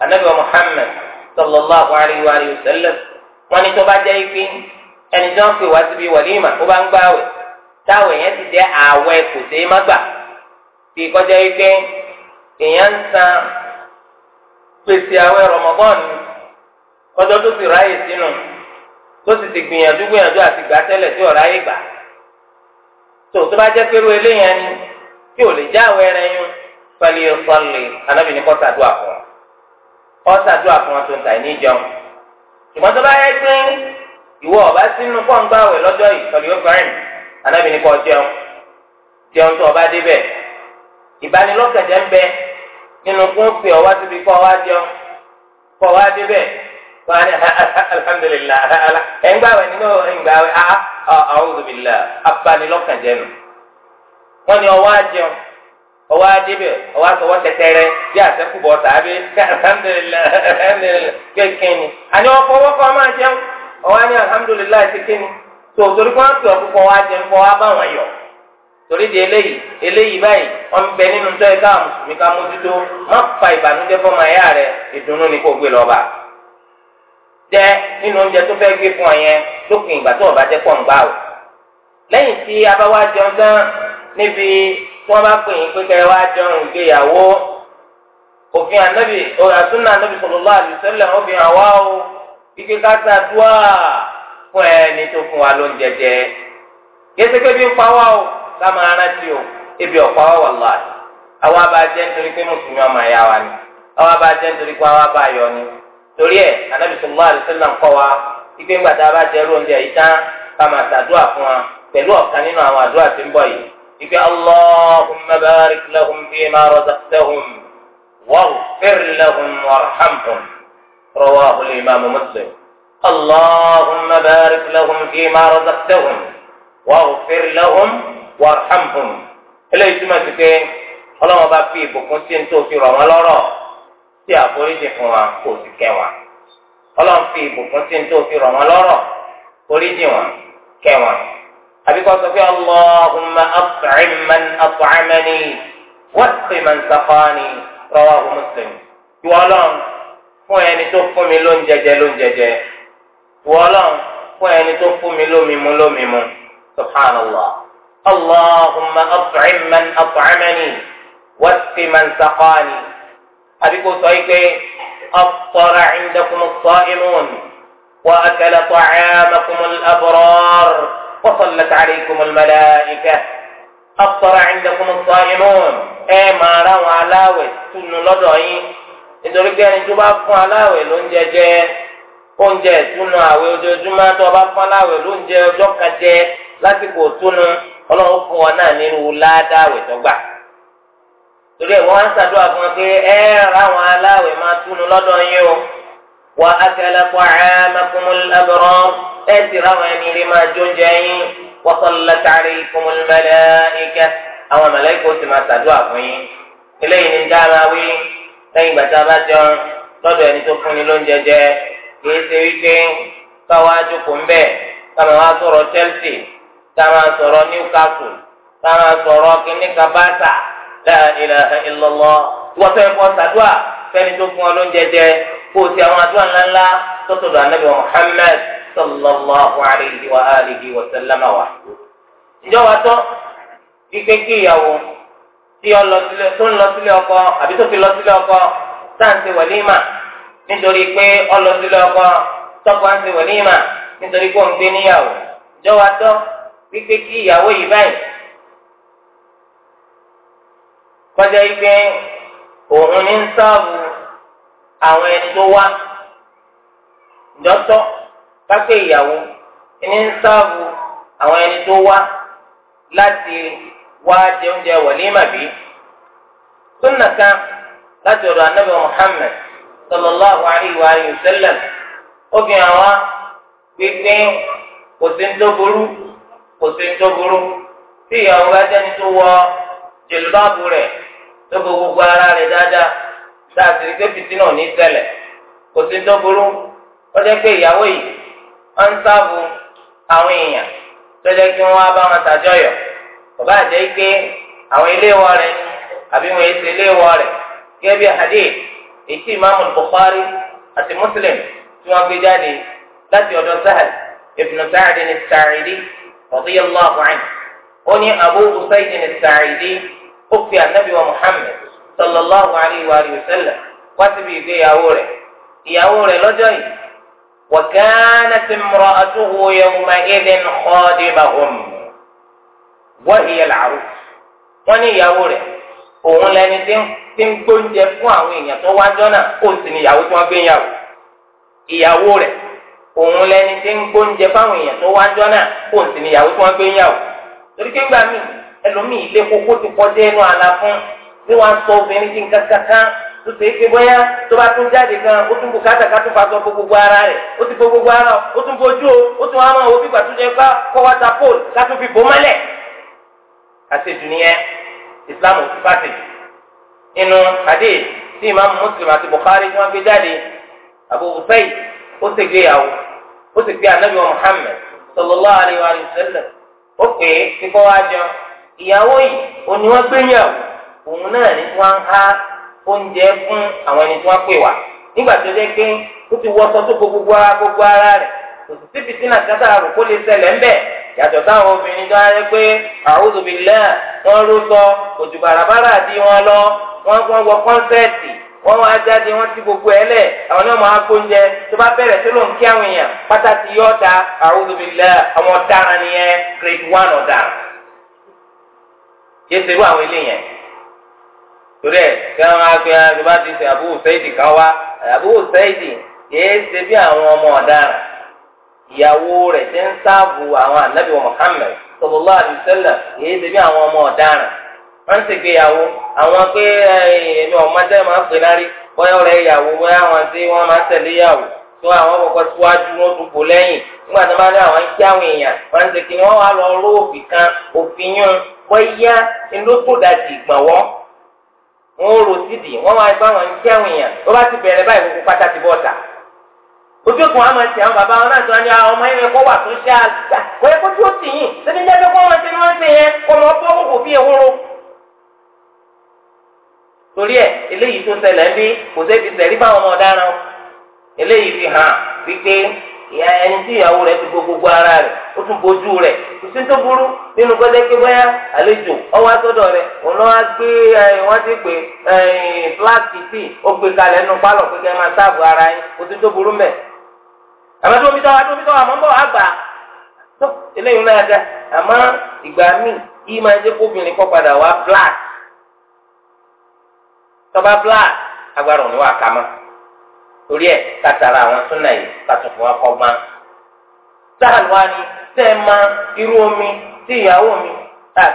anabi muhammed sallallahu alayhi wa sallam wọ́n ní tó bá jẹ́ ife ẹni tí wọ́n pè wá síbi wàlímà ó bá ń gbààwẹ̀ táwọn èèyàn ti jẹ́ ààwẹ̀ kò sí má gbà kí kọjá ife èèyàn ń san pèsè ààwẹ̀ rọmọbọ́ọ̀n kọjọ́ tó sì ráyè sínú tó sì ti gbìyànjú gbìyànjú àti gbà tí ọ̀rá yé gbà tó tó bá jẹ́ pẹ̀lú eléyàn ni tí ò lè já ààwẹ̀ rẹ̀ yún pẹ̀lú ìfọ̀lì anábìíní kọ́ta dùn àpọ̀ ọ̀sàdúrà fún wọn tó ń tà ní ìjọun ṣùgbọ́n tó bá yẹ pé ìwọ ọba sínú fọ́ǹgbà wẹ̀ lọ́jọ́ ìsọ̀lẹ̀ obìnrin anábì ní kò jẹun jẹun tó ọba débẹ̀ ìbanilọ́kẹ̀jẹ̀ ń bẹ nínú fún pé ọwá síbi kọ́ ọwá jẹun kọ́ ọwá débẹ̀ wọ́n á ní alhamdulillah ẹ̀ǹgbà wẹ̀ nínú ẹ̀ǹgbà ah, á a'udhu billah abanilọ́kẹ̀jẹ̀ nù wọ́n ní ọwá jẹun ọwọ́ adịbe ọwọ́ àtọwọ́ tẹtẹrẹ bí àtẹkùbọ̀ tàbí kékeré àní ọfọwọ́ kọ́ máa jẹun ọwọ́ ní alhamdulilayi ti kéne tó torí kó wọn pè ọkọ kọ wá jẹun kọ bá wọn yọ torí di eléyìí eléyìí báyìí wọn bẹ nínú tó ẹka mùsùlùmí ká mójútó má fa ìbànújẹ́ fọmọ ẹyà rẹ ìdùnnú ni kò gbé jẹ nínú oúnjẹ tó gbé fún ìgbà tó ọba jẹ o tí abáwá jẹun tán níbi wọ́n bá pè yín pé kẹ́ ẹ wá jọrùn ìgbéyàwó òfin ànábì àtúnà ànábì sallallahu alaihi o fún ẹni tó fún wa lóúnjẹ jẹ yẹsẹkẹ bí ń pa wá o ká máa o ebi ọ̀pá wá wallahi àwọn abajẹ́ nítorí ọmọ ẹ̀yà wa ni nítorí pé ni torí wa ńgbàdá tán fún wa pẹ̀lú ọ̀kan nínú àwọn ìgbé allahumma barik lahum fi ma razaqtahum waghfir lahum warhamhum rawahu al-imam muslim allahumma barik lahum fi ma razaqtahum waghfir lahum warhamhum eléyìí túmọ̀ sí pé ọlọ́wọ́n bá fi ìbùkún sí ní tó fi rọ̀ wọ́n lọ́rọ̀ tí àforíjì fún wa kò sì kẹ́ wa ọlọ́wọ́n fi ìbùkún sí ní tó rọ̀ wọ́n lọ́rọ̀ foríjì wọn kẹ́ wọn àbí kọ́ sọ pé allahumma at'im man at'amani wàsí man saqani rawahu muslim ìwọ ọlọ́run fún ẹni tó fún mi lóúnjẹ jẹ lóúnjẹ jẹ ìwọ ọlọ́run fún ẹni tó fún mi lómìmú lómìmú subhanallah allahumma at'im man at'amani wàsí man saqani àbí kọ́ sọ pé aftara indakum as-sa'imun wa akala وصلت عليكم الملائكة أفطر عندكم الصائمون ẹ máa ra àwọn aláwẹ̀ túnú lọ́dọ̀ yín nítorí pé ẹni tó oúnjẹ tó bá fún lóúnjẹ lásìkò fún wọn náà nínú ládàáwẹ̀ tọ́gbà torí ẹ̀ wọ́n á ń fún pé ẹ ra àwọn máa túnú lọdọ yín o. wà á kẹlẹ kọ ẹmẹ kùmùl ẹbẹrọ ẹ ti ra wọn ẹni rí máa jó jẹ yín wọsọlẹ tàrí kùmùl mẹlẹ ike àwọn mẹlẹkọ ti máa ṣàdúrà fún yín eléyìí ni dára wí lẹ́yìn gbàtà bá jẹun lọ́dọ̀ ẹni tó fún ni lóúnjẹ jẹ kì í ṣe wípé káwá jókòó ń bẹ káwọn wá sọ̀rọ̀ Chelsea táwọn sọ̀rọ̀ Newcastle táwọn sọ̀rọ̀ kínní kan Barca la ilaha wọ́n fẹ́ fọ́ ṣàdúrà fẹ́ni tó fún ọ lóúnjẹ jẹ kó o ti àwọn àdúrà ńláńlá tọ́tọ̀dọ̀ anábì Muhammad sallallahu alayhi wa alihi wa sallam wa. ǹjọ́ wa tọ́ wípé kí ìyàwó tí ó lọ sílé tó ń lọ sílé ọkọ àbí tó ti lọ sílé ọkọ sáǹsì wàlímà nítorí pé ó lọ sílé ọkọ tọ́kọ wàlímà nítorí pé ó ń gbé níyàwó ǹjọ́ wa tọ́ wípé kí ìyàwó yìí báyìí kọjá yìí òun ní ń sáàbù àwọn ẹni tó wá ìjọsọ kápẹ ìyàwó ẹni ń sáàbù àwọn ẹni tó wá láti wá sallallahu alayhi wa alayhi wa sallam obìnrin àwa gbígbé kò sí tó burú kò sí tó burú tí ìyàwó bá jẹ́ni tó wọ jìlbáàbù tó tá a sì rí pé fìtínà ò ní ṣẹlẹ̀ kò sí tó burú ó jẹ́ pé ìyàwó yìí wọ́n ń sáàbù àwọn èèyàn tó jẹ́ kí wọ́n á bá wọn ṣàjọyọ̀ kò bá jẹ́ pé àwọn iléèwọ̀ rẹ̀ àbí wọn èsì iléèwọ̀ rẹ̀ gẹ́gẹ́ bí hadith èyí ìmáàmù Bukhari àti Muslim tí wọ́n gbé jáde láti ọ̀dọ̀ Sahal ibn Sa'd as-Sa'idi radiyallahu anhu ó ní Abu Usayd as-Sa'idi ó fi ànábì wa sallallahu alayhi wa sallam wá síbi ìgbéyàwó rẹ̀ ìyàwó rẹ̀ lọ́jọ́ yìí wa kanat imra'atuhu yawma'idhin khadimahum wa hiya al-'arus wọ́n ní ìyàwó òun lẹni tí ń gbóúnjẹ fún àwọn èèyàn tó náà kó sì ní ìyàwó tí wọ́n gbé yàwó ìyàwó rẹ̀ òun lẹni tí ń gbóúnjẹ fáwọn èèyàn tó náà kó sì ní ìyàwó tí gbé yàwó torí gbà mí ẹlòmíì ilé kókó ti kọjá ẹnu àlá fún bí wọn sọ obìnrin ti nǹkan kankan tó ṣe é ṣe bóyá tó bá tún jáde gan ó tún bùkátà ká tún sọ ara rẹ ó ti fọ gbogbo ara o ó tún wá máa wo bí gbàtú pa kọ wáta pole ká tún fi bò mọ́lẹ̀. àṣejù nìyẹn islam ò ti inú tí muslim àti bukhari wọn gbé jáde ó ti anabi wa sallallahu alayhi wa ó pè é ìyàwó yìí gbé yàwó. òun náà ní tí ń há oúnjẹ fún àwọn ẹni tí wọ́n pè wá nígbà tó dé pé ó ti wọṣọ tó gbogbo ara gbogbo ara rẹ̀ kò sì síbi sínú àtàtà rò kó lè ṣẹlẹ̀ ńbẹ̀ yàtọ̀ táwọn obìnrin tó ayé pé a'udhu billah wọ́n sọ òjò bàràbàrà di wọn lọ wọ́n wọ́n wọ kọ́nsẹ́ẹ̀tì ti gbogbo ẹ àwọn náà máa torí ẹ kí wọn máa fi hàn bá ti sè àbúrò sẹ́yìdì ká wá àbúrò sẹ́yìdì kìí ṣe bí àwọn ọmọ ọ̀daràn ìyàwó rẹ ṣe ń sáàbù àwọn ànábì Muhammad sallallahu alaihi wasallam kìí ṣe bí àwọn ọmọ ọ̀daràn wọn ti gbéyàwó àwọn pé ẹ̀yìn ọmọdé máa ń lárí bóyá ìyàwó bóyá wọn máa ìyàwó tó àwọn síwájú wọn tún kò nígbà tó ní àwọn ń kí àwọn èèyàn wọn wọn ò rò sídìí wọn máa gbá wọn kí àwọn wọn bá ti bẹ̀rẹ̀ báyìí gbogbo pátá ti bọ́ta ojú kan àwọn àti àwọn bàbá wọn náà sọ ni àwọn ah, ọmọ yẹn kọ́ wà tó ṣe àgbà kò yẹ kó tì ní wọ́n ṣe torí ẹ eléyìí tó ṣẹlẹ̀ ń bí kò báwọn ọmọ ọ̀daràn eléyìí fi hàn ìyá ẹni tí ìyàwó rẹ ti gbogbo ara rị otu tún rẹ rẹ̀ kò tó burú nínú gbọ́dọ̀ pé àlejò ọwọ́ àtọ́dọ̀ rẹ̀ òun náà gbé wọ́n ti pè fúláàkì tí ó gbé kalẹ̀ nínú pálọ̀ ara yín kò sí tó burú àmọ́ tó omi omi àmọ́ ń bọ̀ àgbà tó eléyìí náà àmọ́ ìgbà míì yìí máa jẹ́ kọ́ padà wá tọ́ba torí ẹ̀ kátàrà àwọn súnà yìí kátó fún wa kọ́ gbá. sáàlù wa ni tẹ́ ẹ ma irú omi tí ìyàwó mi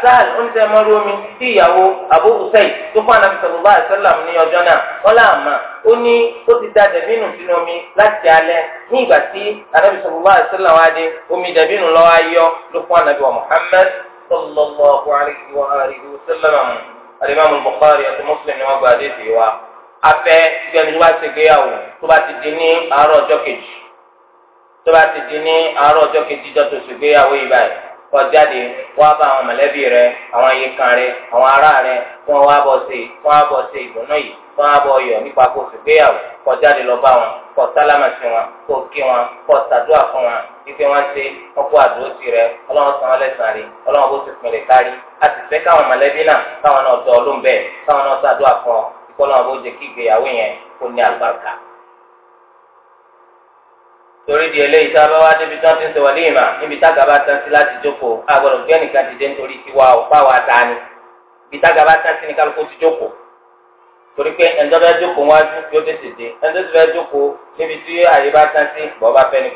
sáàlù ó ní tẹ́ ẹ ma irú omi tí ìyàwó Abu Usayd tó fún anabi sallallahu alaihi wasallam ní ọjọ́ náà wọ́n là mà ó ní ó ti da dẹ̀bínú sínú omi láti alẹ́ ní ìgbà tí anabi sallallahu alaihi wasallam wa dé omi dẹ̀bínú lọ́wọ́ ayọ́ ló fún anabi wa Muhammad sallallahu alaihi wa alihi wa sallam alimami Bukhari àti Muslim ni gba adé ti wa afẹ́ gbẹ̀mí wá sí gbéyàwó tó bá ti di ní àárọ̀ ọjọ́ kejì tó bá ti di ní àárọ̀ ọjọ́ kejì dọ́tò sí gbéyàwó yìí báyìí wọ́n jáde wọ́n á bá àwọn mọ̀lẹ́bí rẹ àwọn yíkan rẹ àwọn ará rẹ fún wọn á bọ̀ ṣe fún wọn á bọ̀ ṣe ìdùnnú yìí fún wọn á bọ̀ yọ̀ nípa kó sì gbéyàwó kó jáde lọ bá wọn kó sálámà sí wọn kó kí wọn kó ṣàdúrà fún wọn wípé wọn ṣe wọn kó àdúró sí rẹ ọlọ́run san wọn lẹ́sàn rí ọlọ́run bó ti pinlẹ̀ kárí a fẹ́ káwọn mọ̀lẹ́bí náà káwọn náà dọ̀ ọlóńbẹ̀ káwọn náà ṣàdúrà fún ọ kọ́lá ọ̀bọ̀ jẹ́ kí ìgbéyàwó yẹn kó ní àlùbáríkà. torí di eléyìí tá wá débi tí wọ́n ti ń sọ wọlé ìmà níbi tága bá tán sí láti jókòó ta ni ibi tága bá tán sí ní kálukú ti jókòó torí pé ẹnjọ́ bá jókòó wá sí dé ẹnjọ́ ti jókòó níbi tí bá tán sí bọ́ bá fẹ́ ni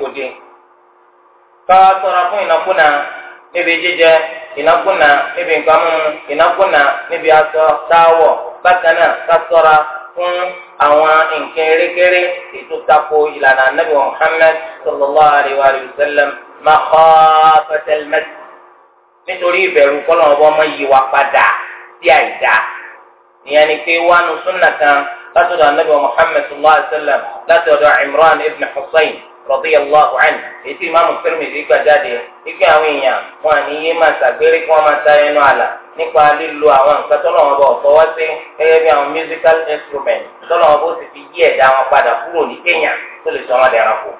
kó bákan náà ká ṣọ́ra fún àwọn nǹkan erékeré ètò tako ìlànà anabi muhammed sallallahu alayhi wa sallam makhafatal mas nítorí ìbẹ̀rù kọ́lọ̀ ọba ọmọ yìí wá padà sí àìdá ìyẹn ni pé wánu súnà kan látọ̀dọ̀ anabi muhammed sallallahu alayhi wa sallam látọ̀dọ̀ imran ibn hussein radiyallahu anhu èyí tí imaamu Tirmidhi gbàjáde ikú àwọn èèyàn wọn àníyé máa ṣàgbére kí wọ́n máa sáré nù àlà nípa lílo àwọn nǹkan tó lọ́wọ́ bọ̀ fọwọ́ sí gẹ́gẹ́ bí àwọn musical instruments tó lọ́wọ́ bó ti fi yí ẹ̀dá wọn padà kúrò ní Kenya tó lè sọ wọn dẹranko.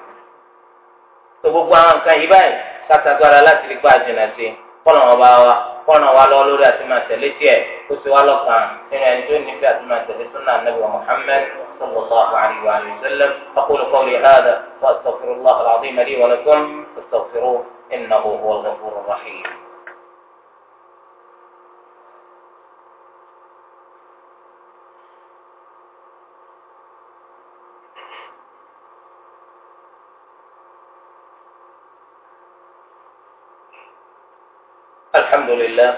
tó gbogbo àwọn nǹkan yìí báyìí kátàgbára láti rí pa àjìnà sí kọ́nà wọn bá wa kọ́nà wa lọ lórí àti máa tẹ̀lé tiẹ̀ kó sì wá lọ́kàn nínú ẹni tó nífẹ̀ẹ́ àti máa tẹ̀lé súnà nàbì wa Muhammad صلى الله عليه وآله وسلم أقول قولي هذا وأستغفر الله العظيم لي ولكم فاستغفروه إنه هو الغفور الرحيم الحمد لله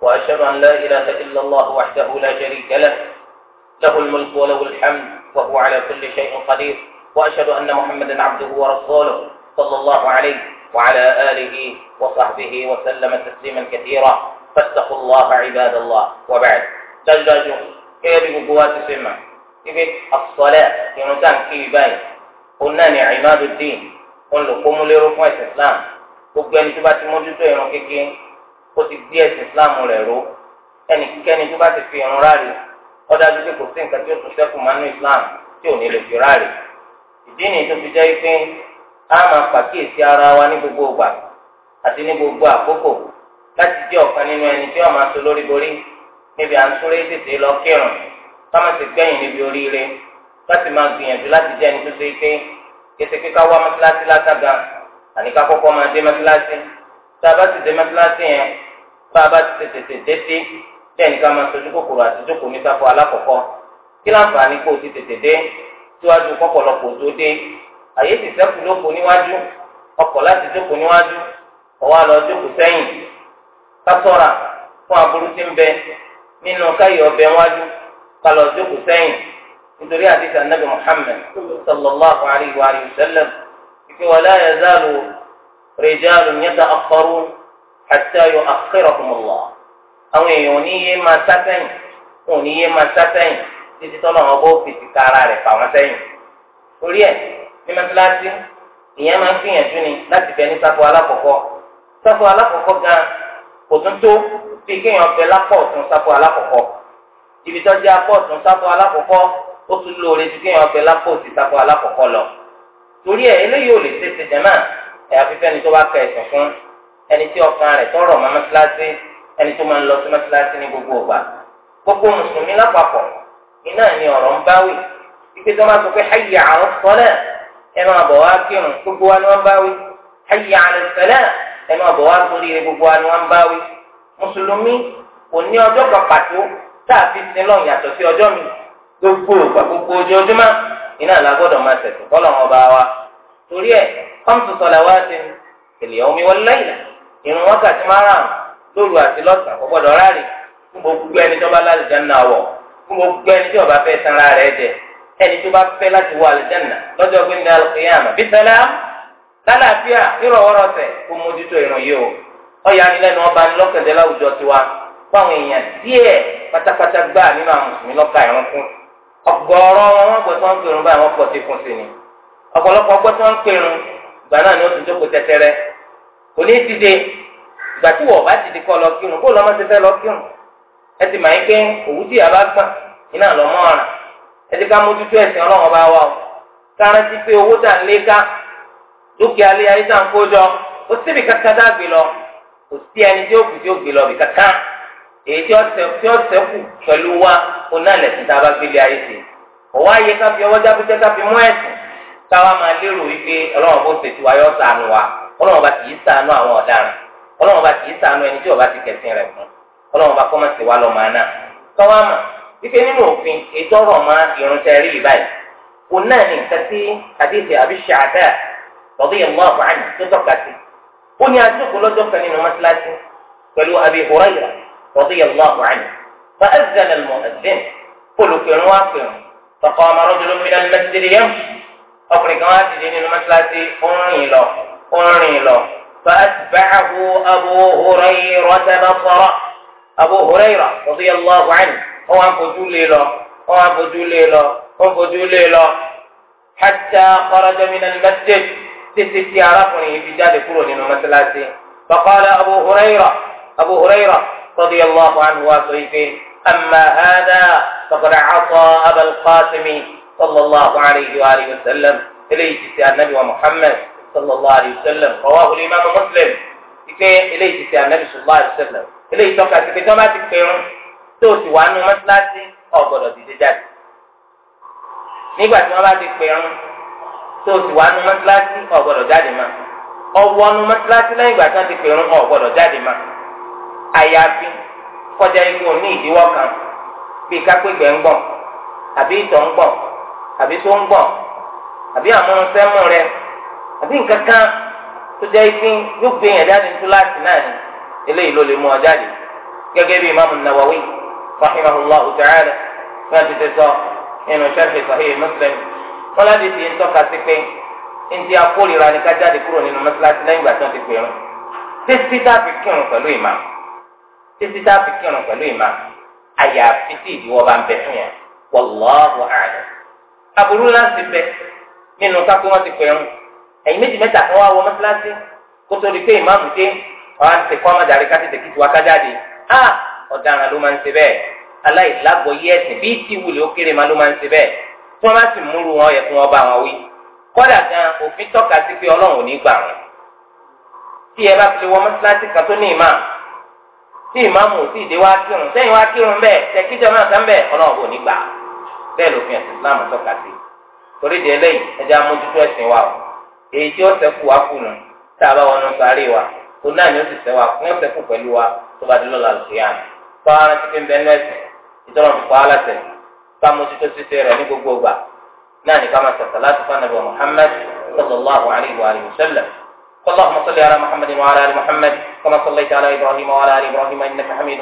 وأشهد أن لا إله إلا الله وحده لا شريك له له الملك وله الحمد وهو على كل شيء قدير وأشهد أن محمدا عبده ورسوله صلى الله عليه وعلى آله وصحبه وسلم تسليما كثيرا فاتقوا الله عباد الله وبعد تجاج كيف قوات سمع كيف الصلاة ينتان في باين قلنا عماد الدين قل قوموا لركوة الإسلام وكان ẹni tó bá ó ti gbé ẹ̀sìn islam rẹ̀ ró ẹnikẹ́ni tó bá ti fi irun ráre ó dájú pé kò sí nǹkan tí ó tún sẹ́kù máa islam tí ò ní lè fi ráre ìdí nìyí tó fi jẹ́ pé a máa pàkíyèsí ara wa ní gbogbo ìgbà àti ní gbogbo àkókò láti jẹ́ ọ̀kan nínú ẹni tí wọ́n máa so lórí borí níbi à ń súré tètè lọ kírun ká má ti gbẹ̀yìn níbi oríire láti máa gbìyànjú láti jẹ́ ẹni tó ṣe pé kété pé ká wá mọ́tíláṣí látàgà àní kọ́kọ́ máa dé mọ́tíláṣí tá a bá ti dé mọ́tíláṣí yẹn bá a bá ti tètè tètè bẹ́ẹ̀ ni ká máa sojú kòkòrò àti jókòó ní sáfù alákọ̀ọ́kọ́ kí láǹfààní kó o ti tètè dé síwájú kọ́pọ̀lọpọ̀ tó dé àyè ti sẹ́kù lóko níwájú ọkọ̀ láti jókòó níwájú ọwọ́ lọ jókòó sẹ́yìn kásọ̀ra fún aburú tí ń bẹ nínú káyọ̀ ọbẹ̀ wájú kálọ̀ jókòó sẹ́yìn nítorí àdìsá nàbì muhammed sallallahu alayhi wa sallam ìfẹ́ wala yazalu àtẹ́yọ àkẹ́rọ̀kùnmọ̀lá àwọn èèyàn ní yé máa sá sẹ́yìn wọn ò ní yé máa sá sẹ́yìn títí tọ́lọ̀ wọn bó fi ti kára rẹ̀ fà wọ́n sẹ́yìn. orí ẹ̀ ní mẹ́tíláṣí ìyẹn máa ń gbìyànjú ni láti bẹ ní sáfù alákọ̀ọ́kọ́ sáfù alákọ̀ọ́kọ́ gan kò tún tó bí kéèyàn bẹ lápọ̀ ọ̀tún sáfù alákọ̀ọ́kọ́ ibi tó jẹ́ apọ̀ ọ̀tún sáfù alákọ̀ọ́kọ́ ó tún lóore ju kéèyàn bẹ lápọ̀ òsì sáfù alákọ̀ọ́kọ́ lọ. torí ẹ̀ eléyìí ò lè ṣe ṣe jẹ́ náà ẹ̀ àfihàn ni tó bá kẹ ẹ̀sìn fún ẹni tí ọkàn rẹ̀ tọrọ mọ́ mọ́sálásí ẹni tó máa ń lọ sí mọ́sálásí ní gbogbo ọgbà gbogbo mùsùlùmí lápapọ̀ iná ni ọ̀rọ̀ ń báwì ipe tó máa sọ pé hayya ala sala ẹ máa bọ̀ wá kírun gbogbo wa ni wọ́n báwì hayya ala sala ẹ máa bọ̀ wá sórí gbogbo wa ni wọ́n báwì mùsùlùmí kò ní ọjọ́ kan pàtó tá a fi sin lọ yàtọ̀ sí ọjọ́ mi gbogbo ògbà gbogbo ojoojúmọ́ iná làgbọ́dọ̀ máa tẹ̀sùn kọ́ lọ́wọ́ bá wa torí ẹ̀ kọ́mtù sọ̀lá wá sí ìlẹ̀ omi wọlé ìlà ìrun wákàtí márùn lóru àti lọ́sàn kò gbọ́dọ̀ ráàlì fún gbogbo ẹni tó bá lálùjánnà wọ̀ fún gbogbo ẹni tí ó fẹ́ sanra rẹ̀ jẹ ẹni tó bá fẹ́ láti wọ àlùjánnà lọ́jọ́ gbé ní alùpùpù bí sẹlẹ̀ lálàáfíà nírọ̀wọ́rọ̀sẹ̀ kó mójútó ìrun yìí o ọ̀yà nílẹ̀nu ọba ni láwùjọ tiwa fáwọn èèyàn díẹ̀ pátápátá òní ti dé ìgbà tí wọ́n bá ti di kọ́ lọ kírun kó lọ́mọ ti fẹ́ lọ kírun ẹ ti máa ń pé òwú tí a bá gbà iná lọ mọ́ ọ̀ràn ẹ ti ká mójútó ẹ̀sìn ọlọ́run bá wà o kárán ti pé owó tà lé ká dúkìá lé ayé tà ń kó jọ ó síbi kankan dágbé lọ kò sí ẹni tí ó kù tí wa náà ọlọ́run ọba kì í ṣàánú àwọn ọ̀daràn ọlọ́run ọba kì í ṣàánú ẹni tí ọba ti kẹ̀sìn rẹ̀ fún ọlọ́run ọba kọ́ mọ̀ sí wa lọ́mọ aná tọ́wọ́ àmọ̀ wípé nínú òfin ètò ọ̀rọ̀ mọ́ irunṣẹ́ rí ìbáyìí kò náà ní nǹkan tí àdéhìí àbí ṣàdá radiyallahu anhu tó tọ́ka sí ó ní adúgbò lọ́jọ́ kan nínú mọ́ṣáláṣí pẹ̀lú Abi Hurayra radiyallahu orin lọ فأتبعه أبو هريرة بصرة أبو هريرة رضي الله عنه هو عن فجول هو عن فجول هو فجول حتى خرج من المسجد تسيتي عرفني في جاد كرون ومثلاتي فقال أبو هريرة أبو هريرة رضي الله عنه وصيفه أما هذا فقد عصى أبا القاسم صلى الله عليه وآله وسلم إليه النبي ومحمد sallallahu alayhi wa sallam ọwọ́ àwòrán imáàmù muslim ìpè eléyìí ti fi anabi sallallahu alayhi wa sallam eléyìí tọ́ka sí pé tí wọ́n bá ti pẹ̀rún tó o ti wà nù mọ́sálásí ọ̀gbọ̀dọ̀ dìde jáde nígbà tí wọ́n bá ti pẹ̀rún tó o ti wà nù mọ́sálásí ọ̀gbọ̀dọ̀ jáde má ọwọ́ nù mọ́sálásí lẹ́yìn ìgbà tí wọ́n ti pẹ̀rún ọ̀gbọ̀dọ̀ jáde má àyàfi kọjá ikú ní ìdíwọ́ kan bíi kápẹ́gbẹ́ ń gbọ̀n àbí ìtọ̀ ń gbọ̀n àbí tó ń gbọ̀n àbí àmúnsẹ́mú rẹ̀ àbí nǹkan kan tó jẹ́ ìpín yóò gbé yẹn jáde ní túláàsì náà ni eléyìí ló lè mú ọ jáde gẹ́gẹ́ bí imaamu nawawi rahimahullahu ta'ala fún àtúntò sọ nínú sharhi sahih muslim wọn láti fi ń tọ́ka sí pé ntí akórira ni ká jáde kúrò nínú mọ́sálásí lẹ́yìn ìgbà tí wọ́n ti pè rún títí tá a fi kírun pẹ̀lú ìmáà títí tá a fi kírun pẹ̀lú ìmáà àyàfi tí ìdíwọ́ bá ń bẹ fún yẹn wallahu a'lam aburú láti bẹ nínú kápẹ́ wọ́n ti pè rún ẹ̀yin méjì mẹ́ta kan wá wọ mọ́sálásí kó tó di pé ìmáàmù dé ọ̀hán ti kọ́ ọmọdàrí ká tètè kìtìwá ká jáde á ọ̀daràn ló máa ń ṣe bẹ́ẹ̀ aláìlágbọ̀ yí ẹ̀sìn bíi ti wulẹ̀ ó kéré máa ló máa ń ṣe bẹ́ẹ̀ tí wọ́n bá sì múru wọn yẹ fún wọn bá wọn wí kọ́dà gan òfin tọ́ka sí pé ọlọ́run ò ní gbà wọn tí ẹ bá fi wọ mọ́sálásí kan tó ní ìmáàmù tí ìmáàmù ò sì dé wá kírun sẹ́yìn wá kírun bẹ́ẹ̀ tẹ̀kíjọ́ náà sá èyí tí ó sẹ́kù wá kù nù tá a bá wọnú sáré wa kó náà ni ó sì sẹ́wà kó wọ́n sẹ́kù pẹ̀lú wa tó bá dúró lálùkù yá mi. fáwọn ti fi ń bẹ nú ẹ̀sìn ìtọ́nà fi pa á lásẹ̀ ká mójútó títí rẹ̀ ní gbogbo ìgbà náà ní ká máa sàtà láti fánàbọ̀ Muhammad sallallahu alayhi wa sallam. اللهم صل على محمد وعلى ال محمد كما صليت على ابراهيم وعلى ال ابراهيم انك حميد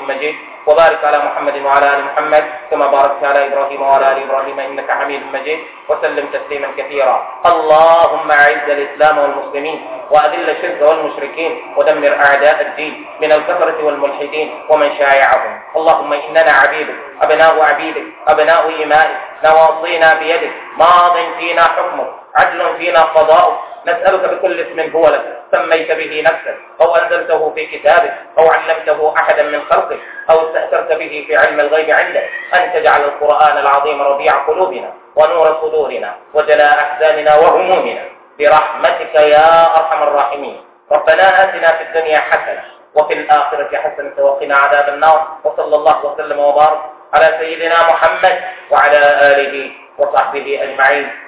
وبارك على محمد وعلى ال محمد كما باركت على ابراهيم وعلى ال ابراهيم انك حميد مجيد وسلم تسليما كثيرا اللهم اعز الاسلام والمسلمين واذل الشرك والمشركين ودمر اعداء الدين من الكفره والملحدين ومن شايعهم اللهم اننا عبيدك ابناء عبيدك ابناء امائك نواصينا بيدك ماض فينا حكمك عدل فينا قضاؤك نسألك بكل اسم هو لك سميت به نفسك أو أنزلته في كتابك أو علمته أحدا من خلقك أو استأثرت به في علم الغيب عندك أن تجعل القرآن العظيم ربيع قلوبنا ونور صدورنا وجلاء أحزاننا وهمومنا برحمتك يا أرحم الراحمين ربنا آتنا في الدنيا حسنة وفي الآخرة حسنة وقنا عذاب النار وصلى الله وسلم وبارك على سيدنا محمد وعلى آله وصحبه أجمعين